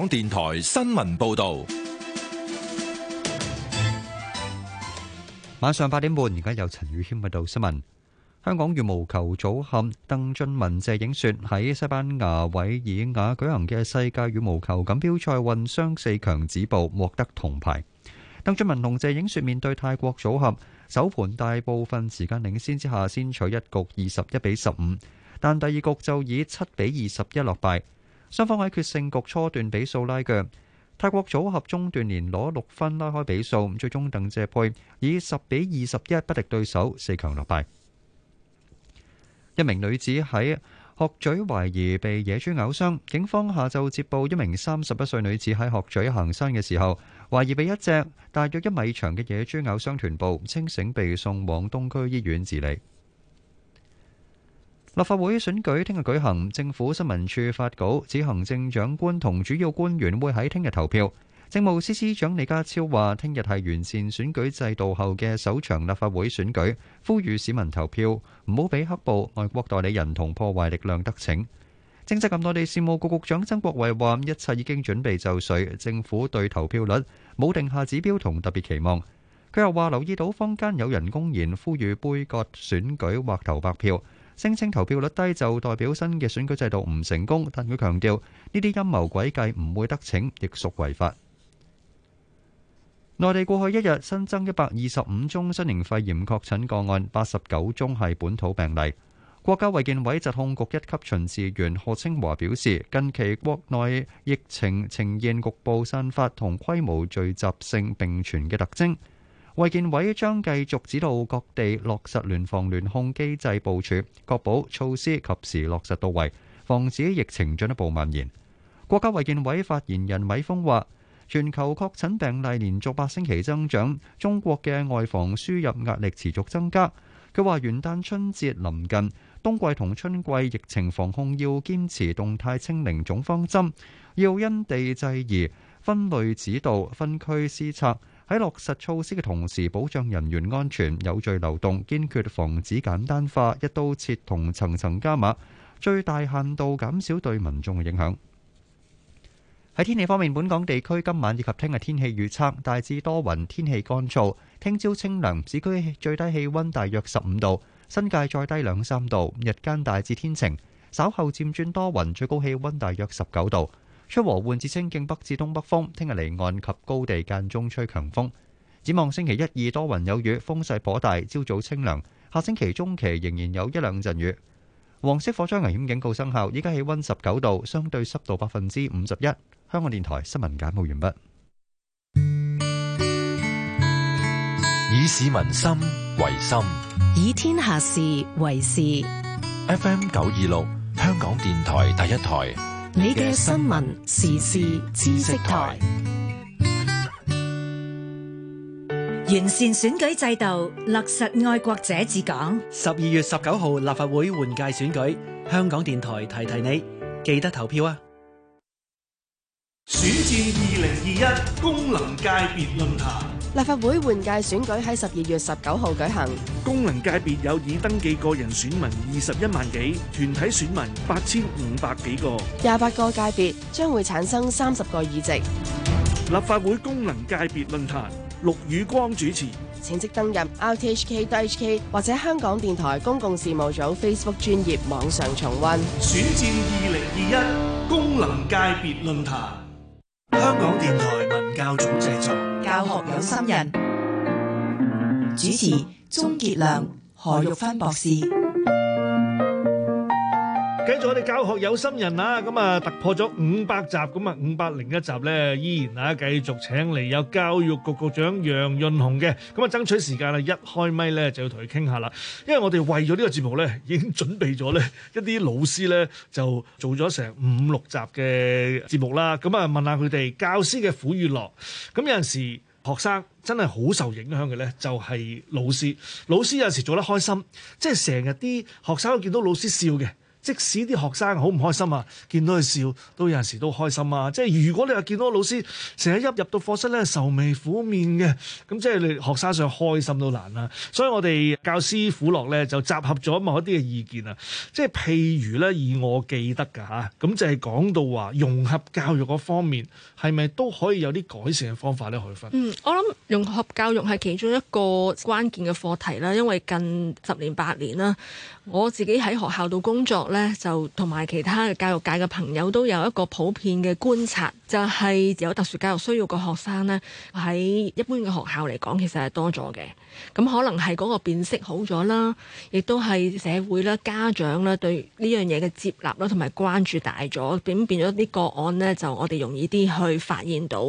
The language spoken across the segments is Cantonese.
港電台新聞報道，晚上八點半，而家有陳宇謙報道新聞。香港羽毛球組合鄧俊文、謝影雪喺西班牙韋爾瓦舉行嘅世界羽毛球錦標賽混雙四強止步，獲得銅牌。鄧俊文同謝影雪面對泰國組合，首盤大部分時間領先之下，先取一局二十一比十五，但第二局就以七比二十一落敗。雙方喺決勝局初段比數拉鋸，泰國組合中段連攞六分拉開比數，最終鄧謝配以十比二十一不敵對手，四強落敗。一名女子喺鶴嘴懷疑被野豬咬傷，警方下晝接報一名三十一歲女子喺鶴嘴行山嘅時候，懷疑被一隻大約一米長嘅野豬咬傷臀部，清醒被送往東區醫院治理。立法會選舉聽日舉行，政府新聞處發稿指，行政長官同主要官員會喺聽日投票。政務司司長李家超話，聽日係完善選舉制度後嘅首場立法會選舉，呼籲市民投票，唔好俾黑暴、外國代理人同破壞力量得逞。政制及內地事務局局長曾國衛話，一切已經準備就緒，政府對投票率冇定下指標同特別期望。佢又話留意到坊間有人公然呼籲杯葛選舉或投白票。聲稱投票率低就代表新嘅選舉制度唔成功，但佢強調呢啲陰謀詭計唔會得逞，亦屬違法。內地過去一日新增一百二十五宗新型肺炎確診個案，八十九宗係本土病例。國家衛健委疾控局一級巡視員賀清華表示，近期國內疫情呈現局部散發同規模聚集性並存嘅特徵。衛健委將繼續指導各地落實聯防聯控機制部署，確保措施及時落實到位，防止疫情進一步蔓延。國家衛健委發言人米峰話，全球確診病例連續八星期增長，中國嘅外防輸入壓力持續增加。佢話，元旦春節臨近，冬季同春季疫情防控要堅持動態清零總方針，要因地制宜、分類指導、分區施策。喺落實措施嘅同時，保障人員安全，有序流動，堅決防止簡單化、一刀切，同層層加碼，最大限度減少對民眾嘅影響。喺天氣方面，本港地區今晚以及聽日天氣預測大致多雲，天氣乾燥。聽朝清涼，市區最低氣溫大約十五度，新界再低兩三度。日間大致天晴，稍後漸轉多雲，最高氣溫大約十九度。吹和緩至清勁北至東北風，聽日離岸及高地間中吹強風。展望星期一、二多雲有雨，風勢頗大。朝早清涼，下星期中期仍然有一兩陣雨。黃色火災危險警告生效。依家氣溫十九度，相對濕度百分之五十一。香港電台新聞簡報完畢。以市民心為心，以天下事為事。FM 九二六，香港電台第一台。你嘅新聞時事知識台，完善選舉制度，落實愛國者治港。十二月十九號立法會換屆選舉，香港電台提提你，記得投票啊！選戰二零二一功能界別論壇。立法會換屆選舉喺十二月十九號舉行，功能界別有已登記個人選民二十一萬幾，團體選民八千五百幾個，廿八個界別將會產生三十個議席。立法會功能界別論壇，陸宇光主持。請即登入 rthk.hk 或者香港電台公共事務組 Facebook 專頁網上重溫。選戰二零二一功能界別論壇，香港電台文教組製作。教學有心人主持鍾杰良、何玉芬博士。繼續我哋教學有心人啊，咁啊突破咗五百集，咁啊五百零一集咧依然啊繼續請嚟有教育局局長楊潤雄嘅，咁啊爭取時間啦，一開咪咧就要同佢傾下啦。因為我哋為咗呢個節目咧，已經準備咗咧一啲老師咧就做咗成五六集嘅節目啦。咁啊問下佢哋教師嘅苦與樂，咁有陣時。學生真係好受影響嘅呢，就係老師。老師有時做得開心，即係成日啲學生都見到老師笑嘅。即使啲學生好唔開心啊，見到佢笑都有陣時都開心啊。即係如果你話見到老師成日一入到課室咧愁眉苦面嘅，咁即係你學生想開心都難啦，啊。所以我哋教師苦樂咧就集合咗某一啲嘅意見啊。即係譬如咧，以我記得㗎吓，咁就係講到話融合教育嗰方面係咪都可以有啲改善嘅方法咧去分？嗯，我諗融合教育係其中一個關鍵嘅課題啦，因為近十年八年啦。我自己喺學校度工作咧，就同埋其他嘅教育界嘅朋友都有一個普遍嘅觀察，就係有特殊教育需要嘅學生咧，喺一般嘅學校嚟講其實係多咗嘅。咁可能係嗰個辨識好咗啦，亦都係社會啦、家長啦對呢樣嘢嘅接納啦，同埋關注大咗，咁變咗啲個案咧，就我哋容易啲去發現到。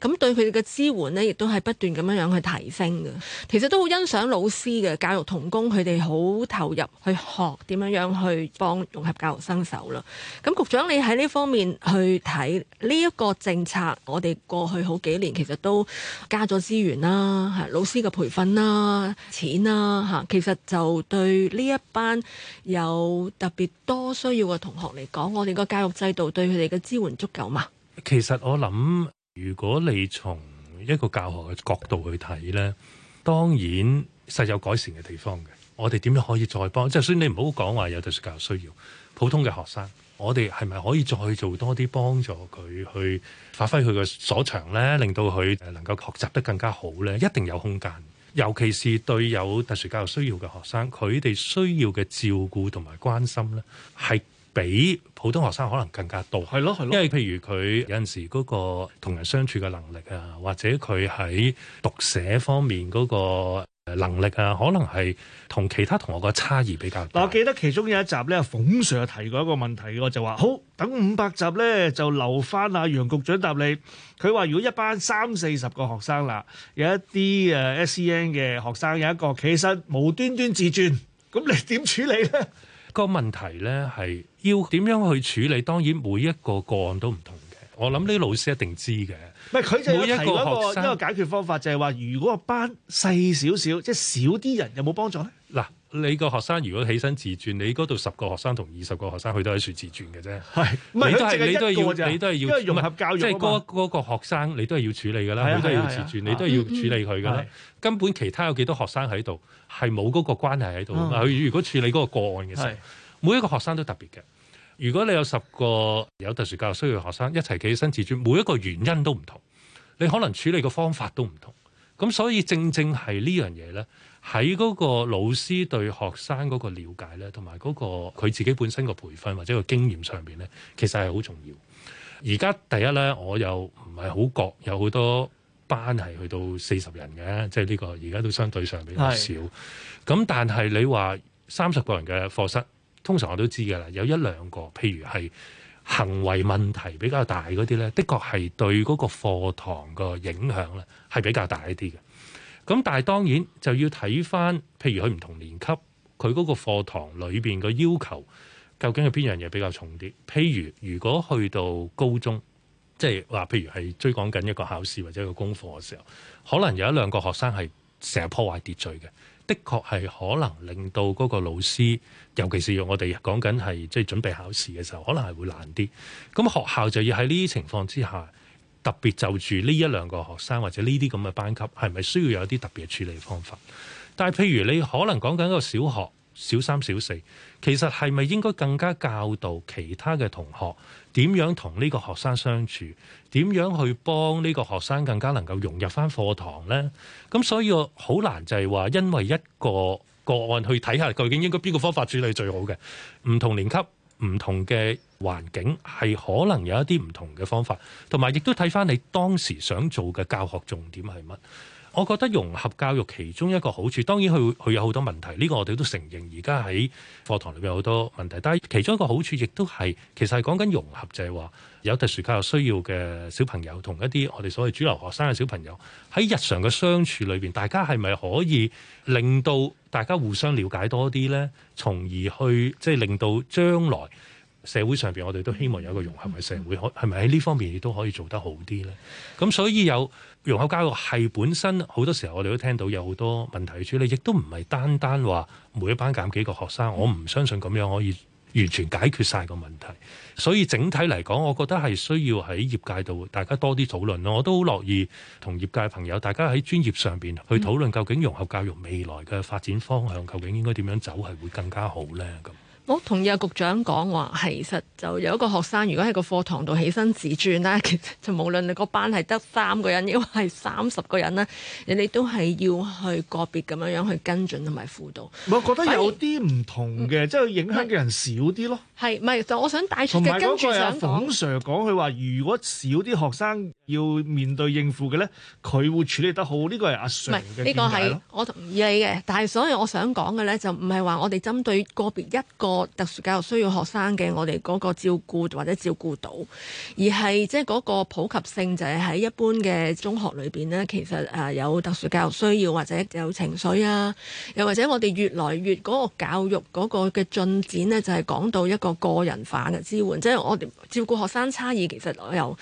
咁對佢哋嘅支援咧，亦都係不斷咁樣樣去提升嘅。其實都好欣賞老師嘅教育同工，佢哋好投入去。學點樣樣去幫融合教育生手啦？咁局長，你喺呢方面去睇呢一個政策，我哋過去好幾年其實都加咗資源啦，吓老師嘅培訓啦、錢啦，吓其實就對呢一班有特別多需要嘅同學嚟講，我哋個教育制度對佢哋嘅支援足夠嘛？其實我諗，如果你從一個教學嘅角度去睇呢，當然實有改善嘅地方嘅。我哋點樣可以再幫，即係雖然你唔好講話有特殊教育需要，普通嘅學生，我哋係咪可以再做多啲幫助佢去發揮佢嘅所長咧？令到佢能夠學習得更加好咧？一定有空間，尤其是對有特殊教育需要嘅學生，佢哋需要嘅照顧同埋關心咧，係比普通學生可能更加多。係咯，係咯。因為譬如佢有陣時嗰個同人相處嘅能力啊，或者佢喺讀寫方面嗰個。誒，能力啊，可能係同其他同學個差異比較大啊。我記得其中有一集咧，馮 Sir 提過一個問題，我就話好等五百集咧，就留翻阿楊局長答你。佢話如果一班三四十個學生啦，有一啲誒 SEN 嘅學生有一個起身無端端自轉，咁你點處理咧？個問題咧係要點樣去處理？當然每一個個案都唔同。我諗呢啲老師一定知嘅。唔係佢就提嗰個一個解決方法就，就係話如果個班細少少，即係少啲人，有冇幫助咧？嗱，你個學生如果起身自轉，你嗰度十個學生同二十個學生，佢都喺度自轉嘅啫。係是，唔係都係你都係要，你都係要，融合教育嘛，唔係即係嗰嗰個學生，你都係要處理㗎啦。係係係。你都係要自轉。你都係要處理佢㗎啦。啊啊啊、根本其他有幾多學生喺度係冇嗰個關係喺度？佢、嗯、如果處理嗰個個案嘅時候，啊啊、每一個學生都特別嘅。如果你有十個有特殊教育需要學生一齊企起身自尊，每一個原因都唔同，你可能處理嘅方法都唔同。咁所以正正係呢樣嘢呢，喺嗰個老師對學生嗰個瞭解呢，同埋嗰個佢自己本身個培訓或者個經驗上面呢，其實係好重要。而家第一呢，我又唔係好覺有好多班係去到四十人嘅，即係呢個而家都相對上比較少。咁是但係你話三十個人嘅課室。通常我都知㗎啦，有一兩個，譬如係行為問題比較大嗰啲呢，的確係對嗰個課堂個影響呢係比較大一啲嘅。咁但係當然就要睇翻，譬如佢唔同年級，佢嗰個課堂裏邊個要求究竟係邊樣嘢比較重啲。譬如如果去到高中，即係話譬如係追趕緊一個考試或者一個功課嘅時候，可能有一兩個學生係成日破壞秩序嘅。的確係可能令到嗰個老師，尤其是用我哋講緊係即係準備考試嘅時候，可能係會難啲。咁學校就要喺呢啲情況之下，特別就住呢一兩個學生或者呢啲咁嘅班級，係咪需要有一啲特別嘅處理方法？但係譬如你可能講緊一個小學小三小四，其實係咪應該更加教導其他嘅同學？點樣同呢個學生相處？點樣去幫呢個學生更加能夠融入翻課堂呢？咁所以我好難就係話，因為一個個案去睇下，究竟應該邊個方法處理最好嘅？唔同年級、唔同嘅環境，係可能有一啲唔同嘅方法，同埋亦都睇翻你當時想做嘅教學重點係乜。我覺得融合教育其中一個好處，當然佢佢有好多問題，呢個我哋都承認。而家喺課堂裏邊有好多問題，但係其中一個好處亦都係，其實係講緊融合，就係話有特殊教育需要嘅小朋友同一啲我哋所謂主流學生嘅小朋友喺日常嘅相處裏邊，大家係咪可以令到大家互相了解多啲呢？從而去即係令到將來。社會上邊，我哋都希望有一個融合嘅社會，可係咪喺呢方面亦都可以做得好啲呢？咁所以有融合教育係本身好多時候，我哋都聽到有好多問題去處理，亦都唔係單單話每一班減幾個學生。我唔相信咁樣可以完全解決晒個問題。所以整體嚟講，我覺得係需要喺業界度大家多啲討論咯。我都好樂意同業界朋友大家喺專業上邊去討論，究竟融合教育未來嘅發展方向，究竟應該點樣走係會更加好呢？我同意阿局長講話，其實就有一個學生如果喺個課堂度起身自轉啦，其實就無論你個班係得三個人，亦或係三十個人啦，你哋都係要去個別咁樣樣去跟進同埋輔導。我覺得有啲唔同嘅，嗯、即係影響嘅人少啲咯。係、嗯，唔係就我想帶出嘅跟住想講。同埋嗰個阿馮 Sir 講佢話，如果少啲學生要面對應付嘅咧，佢會處理得好呢、這個係阿 Sir 嘅呢、這個係。我同意你嘅，但係所以我想講嘅咧，就唔係話我哋針對個別一個。特殊教育需要學生嘅，我哋嗰個照顧或者照顧到，而係即係嗰個普及性就係喺一般嘅中學裏邊呢。其實誒有特殊教育需要或者有情緒啊，又或者我哋越來越嗰個教育嗰個嘅進展呢，就係講到一個個人化嘅支援，即係我哋照顧學生差異，其實我有。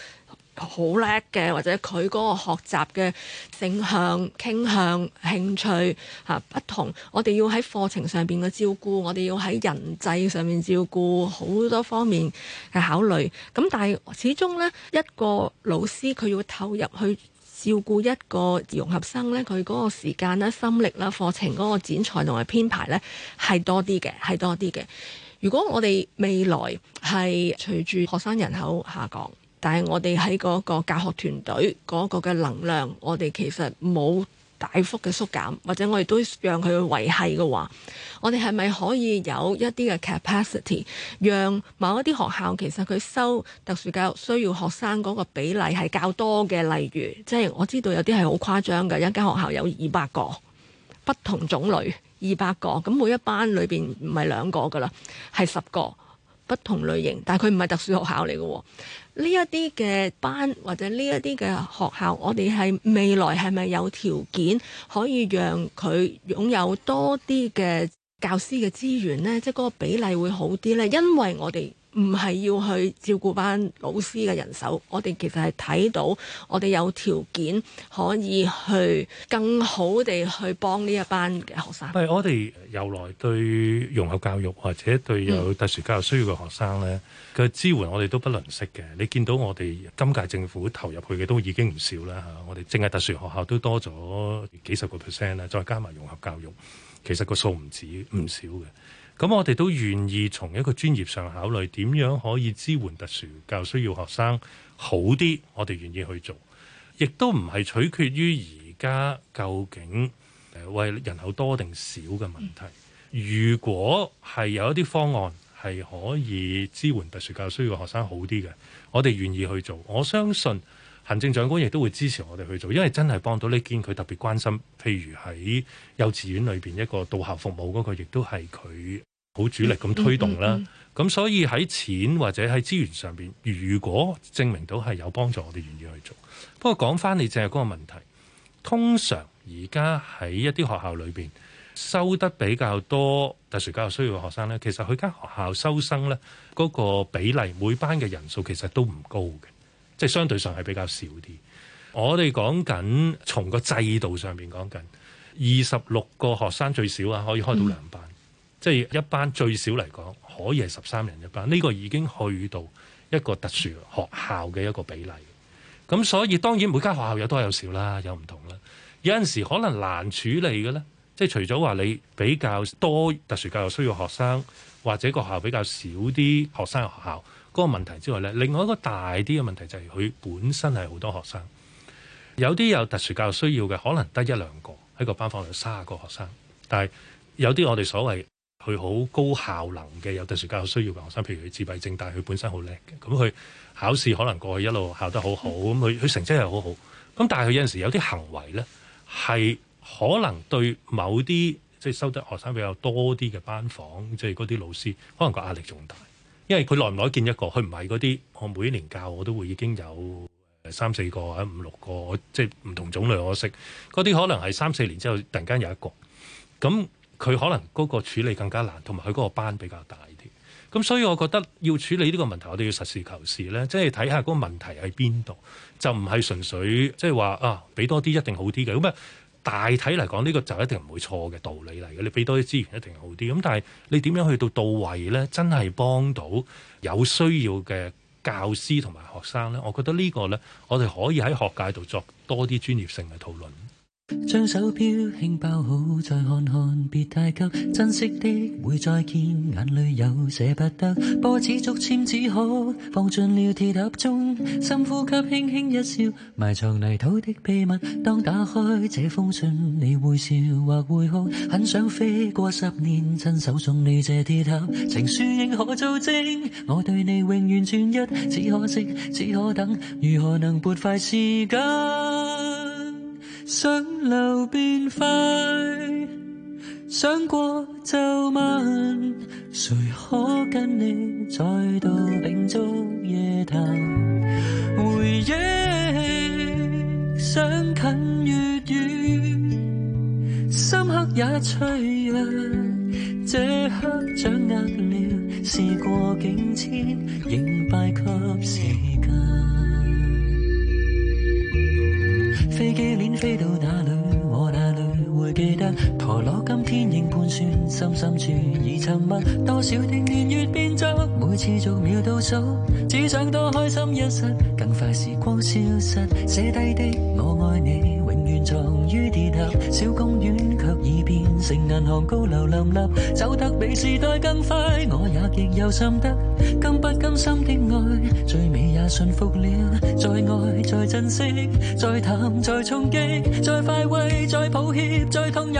好叻嘅，或者佢嗰個學習嘅性向傾向、興趣吓不同，我哋要喺課程上邊嘅照顧，我哋要喺人際上面照顧，好多方面嘅考慮，咁但係始終咧，一個老師，佢要投入去照顧一個融合生咧，佢嗰個時間啦、心力啦、課程嗰個剪裁同埋編排咧，係多啲嘅，係多啲嘅。如果我哋未來係隨住學生人口下降。但係我哋喺嗰個教學團隊嗰個嘅能量，我哋其實冇大幅嘅縮減，或者我哋都讓佢去維繫嘅話，我哋係咪可以有一啲嘅 capacity，讓某一啲學校其實佢收特殊教育需要學生嗰個比例係較多嘅？例如，即係我知道有啲係好誇張嘅，一間學校有二百個不同種類，二百個咁每一班裏邊唔係兩個噶啦，係十個不同類型，但係佢唔係特殊學校嚟嘅。呢一啲嘅班或者呢一啲嘅學校，我哋係未來係咪有條件可以讓佢擁有多啲嘅教師嘅資源咧？即係嗰個比例會好啲咧？因為我哋。唔係要去照顧班老師嘅人手，我哋其實係睇到我哋有條件可以去更好地去幫呢一班嘅學生。係，我哋由來對融合教育或者對有特殊教育需要嘅學生呢，個、嗯、支援，我哋都不吝惜嘅。你見到我哋今屆政府投入去嘅都已經唔少啦嚇，我哋淨係特殊學校都多咗幾十個 percent 啦，再加埋融合教育，其實個數唔止唔少嘅。咁我哋都願意從一個專業上考慮點樣可以支援特殊教育需要學生好啲，我哋願意去做，亦都唔係取決於而家究竟為人口多定少嘅問題。如果係有一啲方案係可以支援特殊教育需要學生好啲嘅，我哋願意去做。我相信行政長官亦都會支持我哋去做，因為真係幫到呢，見佢特別關心，譬如喺幼稚園裏邊一個到校服務嗰個，亦都係佢。好主力咁推動啦，咁、嗯嗯嗯、所以喺錢或者喺資源上邊，如果證明到係有幫助，我哋願意去做。不過講翻你淨係嗰個問題，通常而家喺一啲學校裏邊收得比較多特殊教育需要嘅學生呢，其實佢間學校收生呢嗰個比例，每班嘅人數其實都唔高嘅，即係相對上係比較少啲。我哋講緊從個制度上面講緊，二十六個學生最少啊，可以開到兩班。嗯即係一班最少嚟講可以係十三人一班，呢、這個已經去到一個特殊學校嘅一個比例。咁所以當然每間學校有多有少啦，有唔同啦。有陣時可能難處理嘅呢，即係除咗話你比較多特殊教育需要學生，或者個學校比較少啲學生嘅學校嗰、那個問題之外呢，另外一個大啲嘅問題就係佢本身係好多學生，有啲有特殊教育需要嘅可能得一兩個喺個班房度，三十個學生，但係有啲我哋所謂。佢好高效能嘅，有特殊教育需要嘅學生，譬如佢自閉症，但係佢本身好叻嘅。咁佢考試可能過去一路考得好好，咁佢佢成績又好好。咁但係佢有陣時有啲行為咧，係可能對某啲即係收得學生比較多啲嘅班房，即係嗰啲老師，可能個壓力仲大，因為佢耐唔耐見一個，佢唔係嗰啲我每一年教我都會已經有三四個、或者五六個，即係唔同種類我識嗰啲，可能係三四年之後突然間有一個咁。佢可能嗰個處理更加難，同埋佢嗰個班比較大啲。咁所以我覺得要處理呢個問題，我哋要實事求是咧，即係睇下嗰個問題喺邊度，就唔係純粹即係話啊，俾多啲一定好啲嘅。咁啊，大體嚟講，呢個就一定唔會錯嘅道理嚟嘅。你俾多啲資源一定好啲。咁但係你點樣去到到位咧，真係幫到有需要嘅教師同埋學生咧？我覺得呢個咧，我哋可以喺學界度作多啲專業性嘅討論。將手錶輕包好，再看看，別太急，珍惜的會再見，眼淚有捨不得。波子竹簽只好放進了鐵盒中，深呼吸，輕輕一笑，埋藏泥土的秘密。當打開這封信，你會笑或會哭？很想飛過十年，親手送你這鐵盒，情書仍可作證，我對你永遠專一。只可惜，只可等，如何能撥快時間？想流便快，想過就問，誰可跟你再度秉燭夜談？回憶想近越遠，深刻也脆弱，這刻掌握了，事過境遷，仍敗給時間。飛到哪裡？陀螺今天仍盤算，深深處已沉默。多少的年月變質，每次做秒倒數，只想多開心一剎，更快時光消失。寫低的我愛你，永遠藏於鐵塔。小公園卻已變成銀行高樓林立，走得比時代更快，我也極有心得。甘不甘心的愛，最美也馴服了。再愛再珍惜，再淡再衝擊，再快慰再抱歉，再痛。再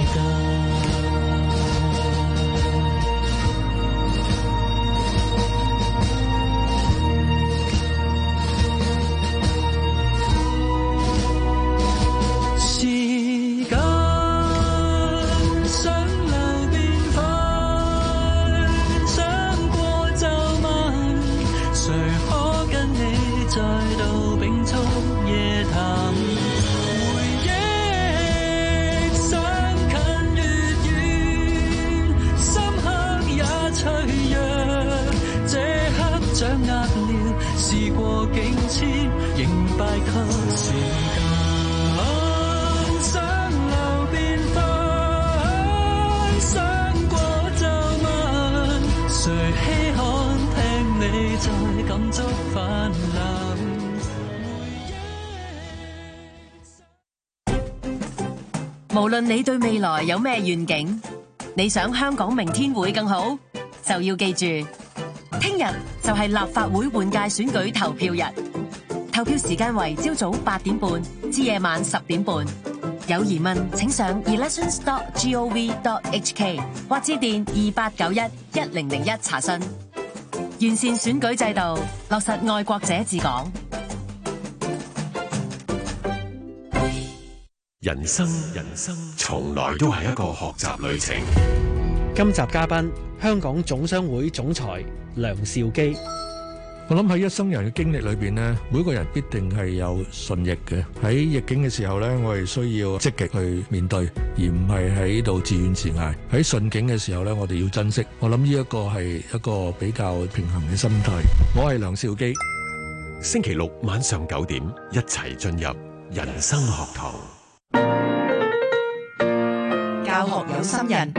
無論你對未來有咩願景，你想香港明天會更好，就要記住，聽日就係立法會換屆選舉投票日，投票時間為朝早八點半至夜晚十點半。有疑問，請上 elections.gov.hk 或致電二八九一一零零一查詢。完善選舉制度，落實愛國者治港。人生人生從來都係一個學習旅程。今集嘉賓香港總商會總裁梁兆基。我諗喺一生人嘅經歷裏邊咧，每個人必定係有順逆嘅。喺逆境嘅時候咧，我哋需要積極去面對，而唔係喺度自怨自艾。喺順境嘅時候咧，我哋要珍惜。我諗呢一個係一個比較平衡嘅心態。我係梁兆基。星期六晚上九點，一齊進入人生學堂。.教學有心人，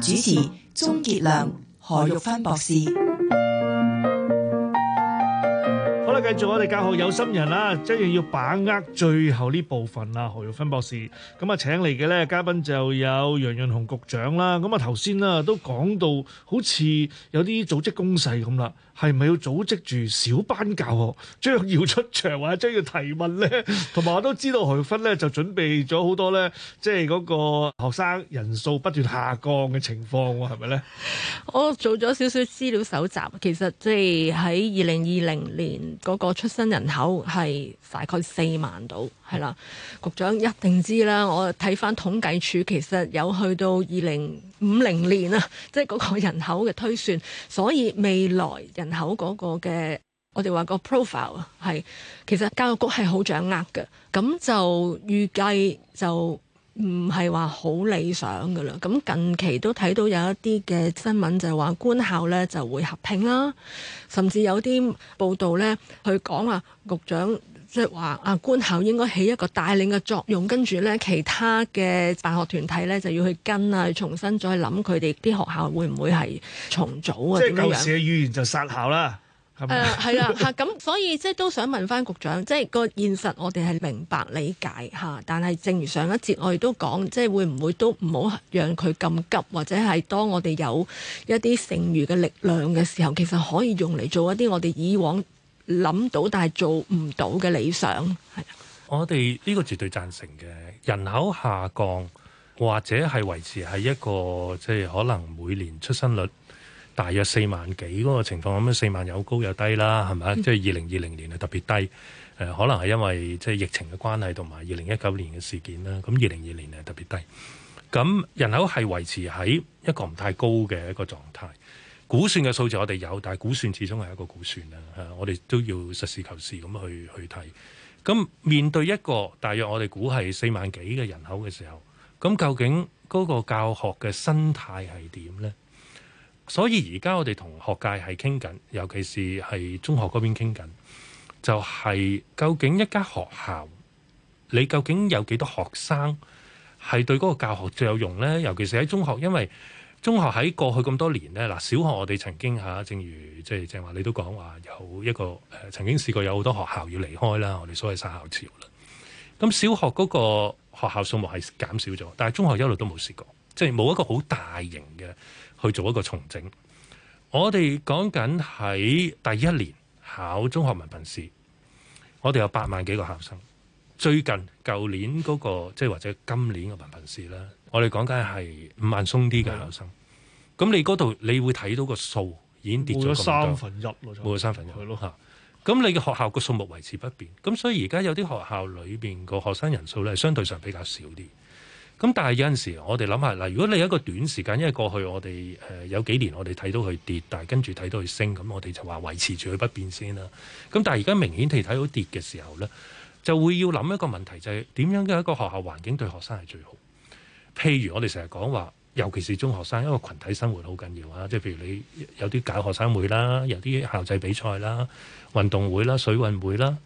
主持鍾潔良、何玉芬博士。繼續我哋教學有心人啦，真係要把握最後呢部分啦，何玉芬博士。咁啊，請嚟嘅咧嘉賓就有楊潤雄局長啦。咁啊，頭先啊都講到好似有啲組織攻勢咁啦，係咪要組織住小班教學，將要出場或者將要提問咧？同埋我都知道何玉芬咧就準備咗好多咧，即係嗰個學生人數不斷下降嘅情況喎，係咪咧？我做咗少少資料搜集，其實即係喺二零二零年嗰個嗰個出生人口係大概四萬度，係啦，局長一定知啦。我睇翻統計處，其實有去到二零五零年啊，即係嗰個人口嘅推算，所以未來人口嗰個嘅我哋話個 profile 係，其實教育局係好掌握嘅，咁就預計就，唔係話好理想嘅啦，咁近期都睇到有一啲嘅新聞就係話官校咧就會合併啦，甚至有啲報道咧去講啊局長即係話啊官校應該起一個帶領嘅作用，跟住咧其他嘅辦學團體咧就要去跟啊，重新再諗佢哋啲學校會唔會係重組啊？即係舊時嘅語言就殺校啦。誒係啦，嚇咁，所以即係都想問翻局長，即係個現實，我哋係明白理解嚇，但係正如上一節我哋都講，即係會唔會都唔好讓佢咁急，或者係當我哋有一啲剩餘嘅力量嘅時候，其實可以用嚟做一啲我哋以往諗到但係做唔到嘅理想。係啊，我哋呢個絕對贊成嘅人口下降或者係維持係一個即係、就是、可能每年出生率。大約四萬幾嗰個情況咁，四萬有高有低啦，係咪啊？即係二零二零年係特別低，誒，可能係因為即係疫情嘅關係同埋二零一九年嘅事件啦。咁二零二年係特別低，咁人口係維持喺一個唔太高嘅一個狀態。估算嘅數字我哋有，但係估算始終係一個估算啦，我哋都要實事求是咁去去睇。咁面對一個大約我哋估係四萬幾嘅人口嘅時候，咁究竟嗰個教學嘅生態係點呢？所以而家我哋同學界係傾緊，尤其是係中學嗰邊傾緊，就係、是、究竟一間學校，你究竟有幾多學生係對嗰個教學最有用呢？尤其是喺中學，因為中學喺過去咁多年呢，嗱，小學我哋曾經嚇，正如即係正話，你都講話有一個誒、呃、曾經試過有好多學校要離開啦，我哋所謂殺校潮啦。咁小學嗰個學校數目係減少咗，但係中學一路都冇試過，即係冇一個好大型嘅。去做一個重整。我哋講緊喺第一年考中學文憑試，我哋有八萬幾個考生。最近舊年嗰個，即係或者今年嘅文憑試啦，我哋講緊係五萬鬆啲嘅考生。咁你嗰度你會睇到個數已經跌咗三分一，冇咗三分一係咯。咁你嘅學校個數目維持不變，咁所以而家有啲學校裏邊個學生人數咧，相對上比較少啲。咁但係有陣時，我哋諗下嗱，如果你一個短時間，因為過去我哋誒、呃、有幾年我哋睇到佢跌，但係跟住睇到佢升，咁我哋就話維持住佢不變先啦。咁但係而家明顯地睇到跌嘅時候咧，就會要諗一個問題，就係、是、點樣嘅一個學校環境對學生係最好？譬如我哋成日講話，尤其是中學生，一個群體生活好緊要啊！即係譬如你有啲搞學生會啦，有啲校際比賽啦、運動會啦、水運會啦，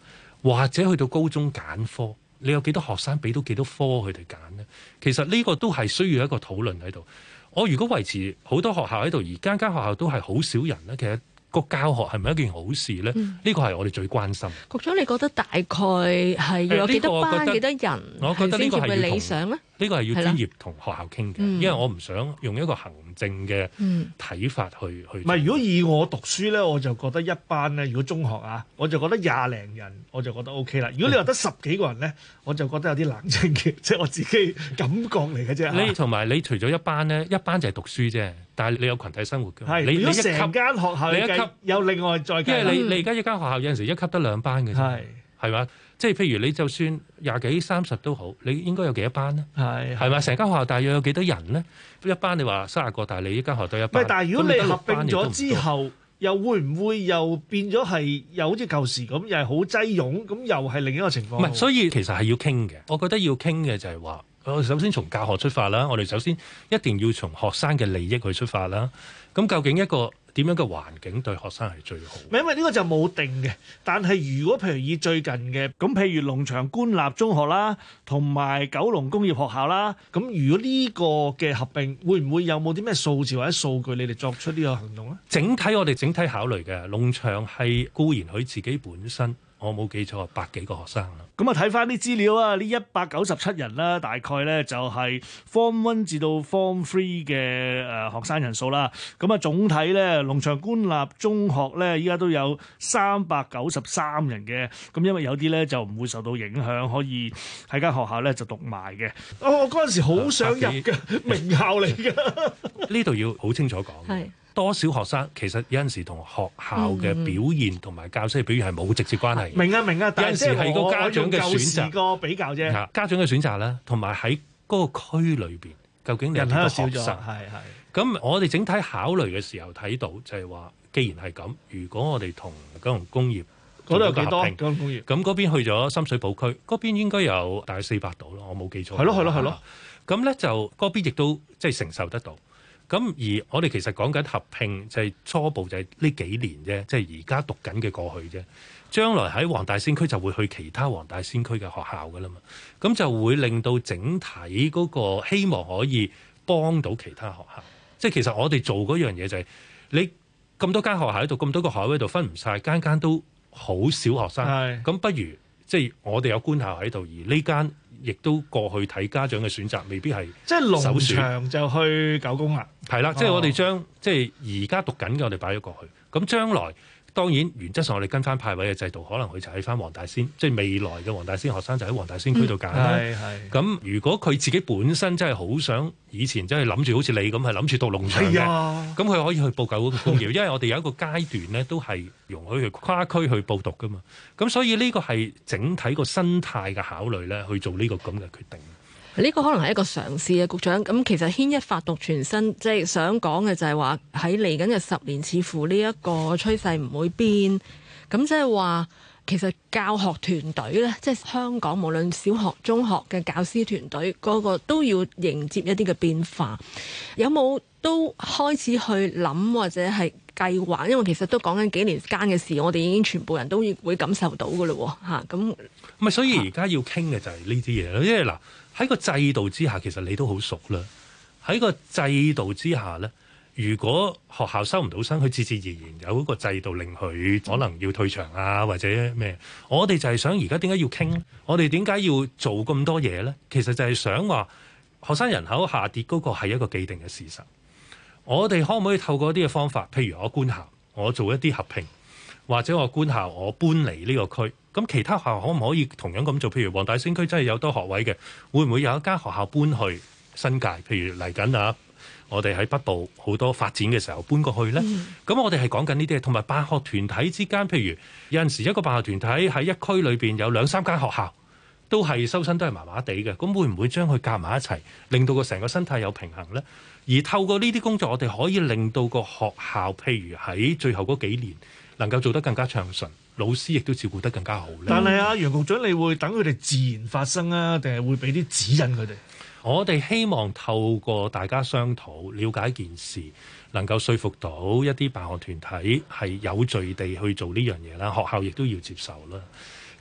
或者去到高中揀科。你有幾多學生？俾到幾多科佢哋揀呢？其實呢個都係需要一個討論喺度。我如果維持好多學校喺度，而間間學校都係好少人咧，其實個教學係咪一件好事咧？呢個係我哋最關心。局長，你覺得大概係有幾多班幾、呃這個、多人？我覺得呢個係咪理想咧？呢個係要專業同學校傾嘅，的嗯、因為我唔想用一個行政嘅睇法去、嗯、去。唔係，如果以我讀書咧，我就覺得一班咧，如果中學啊，我就覺得廿零人，我就覺得 O K 啦。如果你話得十幾個人咧，我就覺得有啲冷清嘅，即係我自己感覺嚟嘅啫。的你同埋你除咗一班咧，一班就係讀書啫，但係你有群體生活嘅。係的，你如果成級間學校，你一級有另外再。因為你、嗯、你而家一間學校有時一級得兩班嘅。係。係嘛？即係譬如你就算廿幾三十都好，你應該有幾多班呢？係係嘛？成間學校大約有幾多人呢？一班你話卅個，大一間學校多一班，但係你依間學校都有。喂，但係如果你合併咗之後，又會唔會又變咗係又好似舊時咁，又係好擠擁咁，又係另一個情況。唔係，所以其實係要傾嘅。我覺得要傾嘅就係話，首先從教學出發啦。我哋首先一定要從學生嘅利益去出發啦。咁究竟一個？點樣嘅環境對學生係最好？唔係因為呢個就冇定嘅，但係如果譬如以最近嘅咁，譬如龍翔官立中學啦，同埋九龍工業學校啦，咁如果呢個嘅合併，會唔會有冇啲咩數字或者數據，你哋作出呢個行動咧？整體我哋整體考慮嘅，龍翔係固然佢自己本身。我冇記錯，百幾個學生啦。咁啊，睇翻啲資料啊，呢一百九十七人啦，大概咧就係 Form One 至到 Form Three 嘅誒學生人數啦。咁啊，總體咧，龍翔官立中學咧，依家都有三百九十三人嘅。咁因為有啲咧就唔會受到影響，可以喺間學校咧就讀埋嘅。哦，嗰陣時好想入嘅名校嚟㗎。呢度要好清楚講。多少學生其實有陣時同學校嘅表現同埋教師嘅表現係冇直接關係明、啊。明啊明啊，有陣時係個家長嘅選擇個比較啫。家長嘅選擇啦，同埋喺嗰個區裏邊究竟你人多少咗？係係。咁我哋整體考慮嘅時候睇到就係話，既然係咁，如果我哋同九龍工業嗰度有幾多？工業咁嗰邊去咗深水埗區，嗰邊應該有大約四百度咯。我冇記錯。係咯係咯係咯。咁咧就嗰邊亦都即係承受得到。咁而我哋其實講緊合併，就係、是、初步就係呢幾年啫，即係而家讀緊嘅過去啫。將來喺黃大仙區就會去其他黃大仙區嘅學校㗎喇嘛，咁就會令到整體嗰個希望可以幫到其他學校。即係其實我哋做嗰樣嘢就係、是、你咁多間學校喺度，咁多個學位度分唔晒，間間都好少學生，咁是不如。即係我哋有官校喺度，而呢間亦都過去睇家長嘅選擇，未必係即係首選就去九宮啦。係啦了、哦，即係我哋將即係而家讀緊嘅，我哋擺咗過去。咁將來。當然，原則上我哋跟翻派位嘅制度，可能佢就喺翻黃大仙，即係未來嘅黃大仙學生就喺黃大仙區度揀啦。咁、嗯、如果佢自己本身真係好想以前真係諗住好似你咁係諗住讀龍翔嘅，咁佢呀可以去報舊工業。因為我哋有一個階段咧，都係容許去跨區去報讀㗎嘛。咁所以呢個係整體個生態嘅考慮咧，去做呢個咁嘅決定。呢個可能係一個嘗試嘅局長。咁其實牽一發動全身，即係想講嘅就係話喺嚟緊嘅十年，似乎呢一個趨勢唔會變。咁即係話，其實教學團隊咧，即係香港無論小學、中學嘅教師團隊，個個都要迎接一啲嘅變化。有冇都開始去諗或者係計劃？因為其實都講緊幾年間嘅事，我哋已經全部人都會感受到嘅嘞喎嚇。咁咪所以而家要傾嘅就係呢啲嘢咯，因為嗱。喺個制度之下，其實你都好熟啦。喺個制度之下呢，如果學校收唔到生，佢自自然然有一個制度令佢可能要退場啊，或者咩？我哋就係想而家點解要傾？我哋點解要做咁多嘢呢？其實就係想話學生人口下跌嗰個係一個既定嘅事實。我哋可唔可以透過一啲嘅方法，譬如我官校，我做一啲合併。或者我官校我搬嚟呢個區，咁其他學校可唔可以同樣咁做？譬如黃大仙區真係有多學位嘅，會唔會有一間學校搬去新界？譬如嚟緊啊，我哋喺北部好多發展嘅時候搬過去呢？咁、嗯、我哋係講緊呢啲，同埋辦學團體之間，譬如有陣時一個辦學團體喺一區裏邊有兩三間學校都係收生都係麻麻地嘅，咁會唔會將佢夾埋一齊，令到個成個生態有平衡呢？而透過呢啲工作，我哋可以令到個學校，譬如喺最後嗰幾年。能夠做得更加暢順，老師亦都照顧得更加好咧。但係啊，楊局長，你會等佢哋自然發生啊，定係會俾啲指引佢哋？我哋希望透過大家商討，了解一件事，能夠說服到一啲辦學團體係有序地去做呢樣嘢啦。學校亦都要接受啦。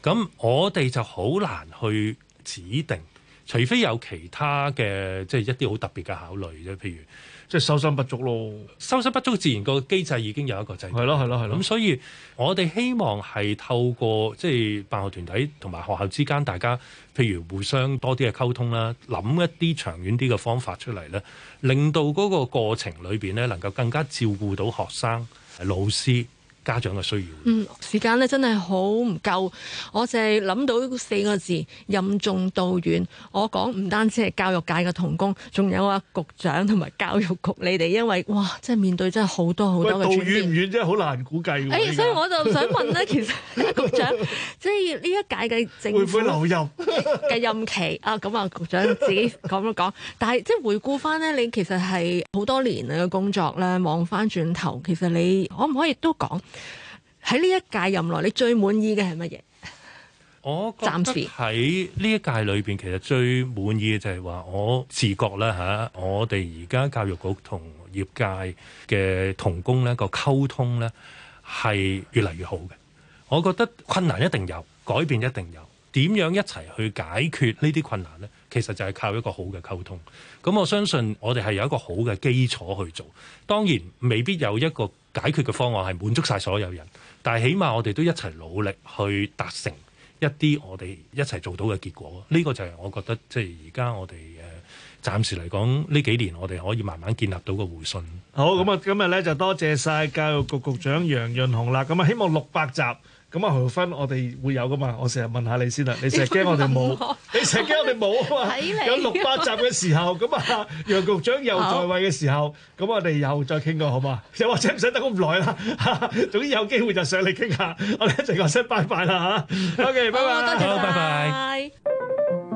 咁我哋就好難去指定，除非有其他嘅即係一啲好特別嘅考慮啫，譬如。即係收生不足咯，收生不足自然個機制已經有一個制度，係咯係咯係咯。咁所以我哋希望係透過即係辦學團體同埋學校之間，大家譬如互相多啲嘅溝通啦，諗一啲長遠啲嘅方法出嚟咧，令到嗰個過程裏邊咧能夠更加照顧到學生老師、家長嘅需要。嗯，時間咧真係好唔夠，我淨係諗到四個字，任重道遠。我講唔單止係教育界嘅同工，仲有啊局長同埋教育局你哋，因為哇，即係面對真係好多好多嘅。道遠唔遠真係好難估計，啊。欸、在所以我就想問咧，其實局長即係呢一屆嘅政府會唔會留任嘅任期啊？咁啊，局長自己講一講。但係即係回顧翻呢，你其實係好多年嘅工作咧，望翻轉頭，其實你可唔可以都講？喺呢一屆任內，你最滿意嘅係乜嘢？我暫時喺呢一屆裏邊，其實最滿意嘅就係話，我自覺啦。吓，我哋而家教育局同業界嘅同工咧，個溝通咧，係越嚟越好嘅。我覺得困難一定有，改變一定有，點樣一齊去解決呢啲困難呢？其實就係靠一個好嘅溝通，咁我相信我哋係有一個好嘅基礎去做。當然未必有一個解決嘅方案係滿足晒所有人，但係起碼我哋都一齊努力去達成一啲我哋一齊做到嘅結果。呢個就係我覺得即係而家我哋誒，暫時嚟講，呢幾年我哋可以慢慢建立到個互信。好，咁啊今日咧，就多謝晒教育局局長楊潤雄啦。咁啊，希望六百集。咁啊，何芬，我哋會有噶嘛？我成日問下你先啦，你成日驚我哋冇，你成日驚我哋冇啊嘛？有六百集嘅時候咁啊， 楊局長又在位嘅時候，咁好我哋又再傾過好嘛？又或者唔使等咁耐啦，總之有機會就上嚟傾下。我哋一齊講聲，拜拜啦嚇。OK，拜拜，好，拜拜。